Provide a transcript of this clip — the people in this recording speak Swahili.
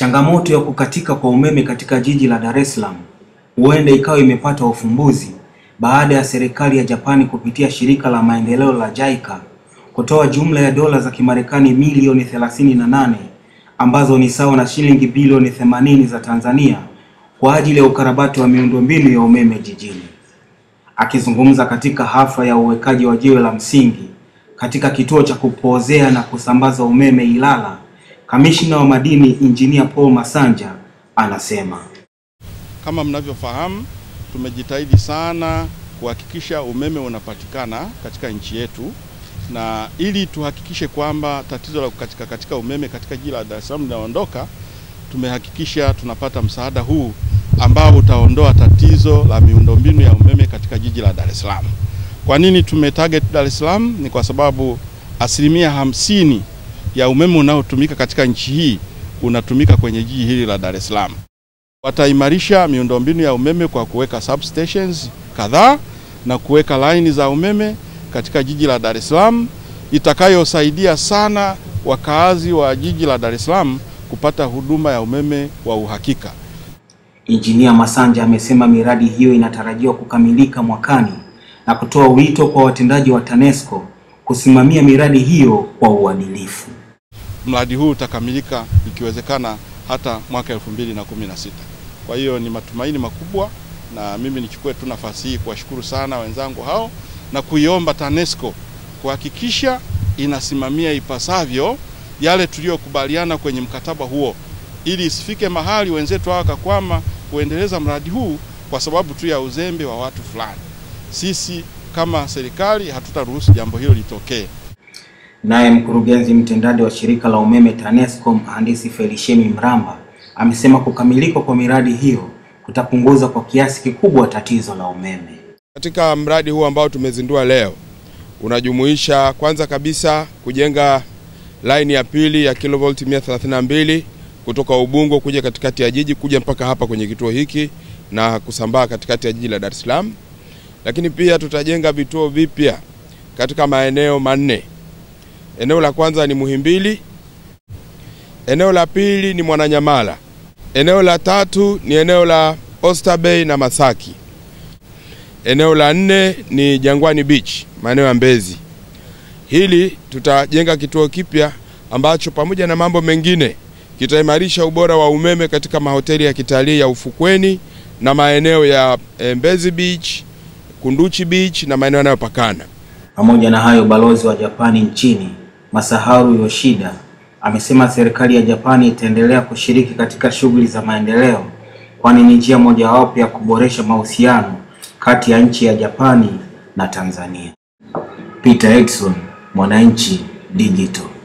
Changamoto ya kukatika kwa umeme katika jiji la Dar es Salaam huenda ikawa imepata ufumbuzi baada ya serikali ya Japani kupitia shirika la maendeleo la JICA kutoa jumla ya dola za Kimarekani milioni 38 ambazo ni sawa na shilingi bilioni 80 za Tanzania kwa ajili ya ukarabati wa miundombinu ya umeme jijini. Akizungumza katika hafla ya uwekaji wa jiwe la msingi katika kituo cha kupozea na kusambaza umeme Ilala Kamishna wa madini Injinia Paul Masanja anasema, kama mnavyofahamu, tumejitahidi sana kuhakikisha umeme unapatikana katika nchi yetu, na ili tuhakikishe kwamba tatizo la kukatika katika umeme katika jiji la Dar es Salaam linaondoka, tumehakikisha tunapata msaada huu ambao utaondoa tatizo la miundombinu ya umeme katika jiji la Dar es Salaam. Kwa nini tumetarget Dar es Salaam? Ni kwa sababu asilimia hamsini ya umeme unaotumika katika nchi hii unatumika kwenye jiji hili la Dar es Salaam. Wataimarisha miundombinu ya umeme kwa kuweka substations kadhaa na kuweka laini za umeme katika jiji la Dar es Salaam itakayosaidia sana wakaazi wa jiji la Dar es Salaam kupata huduma ya umeme wa uhakika. Injinia Masanja amesema miradi hiyo inatarajiwa kukamilika mwakani na kutoa wito kwa watendaji wa TANESCO kusimamia miradi hiyo kwa uadilifu mradi huu utakamilika ikiwezekana hata mwaka sita. Kwa hiyo ni matumaini makubwa, na mimi nichukue tu nafasi hii kuwashukuru sana wenzangu hao na kuiomba TANESCO kuhakikisha inasimamia ipasavyo yale tuliyokubaliana kwenye mkataba huo, ili isifike mahali wenzetu hawa wakakwama kuendeleza mradi huu kwa sababu tu ya uzembe wa watu fulani. Sisi kama serikali hatutaruhusu jambo hilo litokee. Naye mkurugenzi mtendaji wa shirika la umeme TANESCO mhandisi Felishemi Mramba amesema kukamilika kwa miradi hiyo kutapunguza kwa kiasi kikubwa tatizo la umeme. Katika mradi huu ambao tumezindua leo unajumuisha kwanza kabisa kujenga laini ya pili ya kilovolti 132 kutoka Ubungo kuja katikati ya jiji kuja mpaka hapa kwenye kituo hiki na kusambaa katikati ya jiji la Dar es Salaam, lakini pia tutajenga vituo vipya katika maeneo manne Eneo la kwanza ni Muhimbili, eneo la pili ni Mwananyamala, eneo la tatu ni eneo la Oyster Bay na Masaki, eneo la nne ni Jangwani Beach, maeneo ya Mbezi. Hili tutajenga kituo kipya ambacho pamoja na mambo mengine kitaimarisha ubora wa umeme katika mahoteli ya kitalii ya ufukweni na maeneo ya eh, Mbezi Beach, Kunduchi Beach na maeneo yanayopakana. Pamoja na hayo, balozi wa Japani nchini Masaharu Yoshida amesema serikali ya Japani itaendelea kushiriki katika shughuli za maendeleo kwani ni njia mojawapo ya kuboresha mahusiano kati ya nchi ya Japani na Tanzania. Peter Edson, Mwananchi Digital.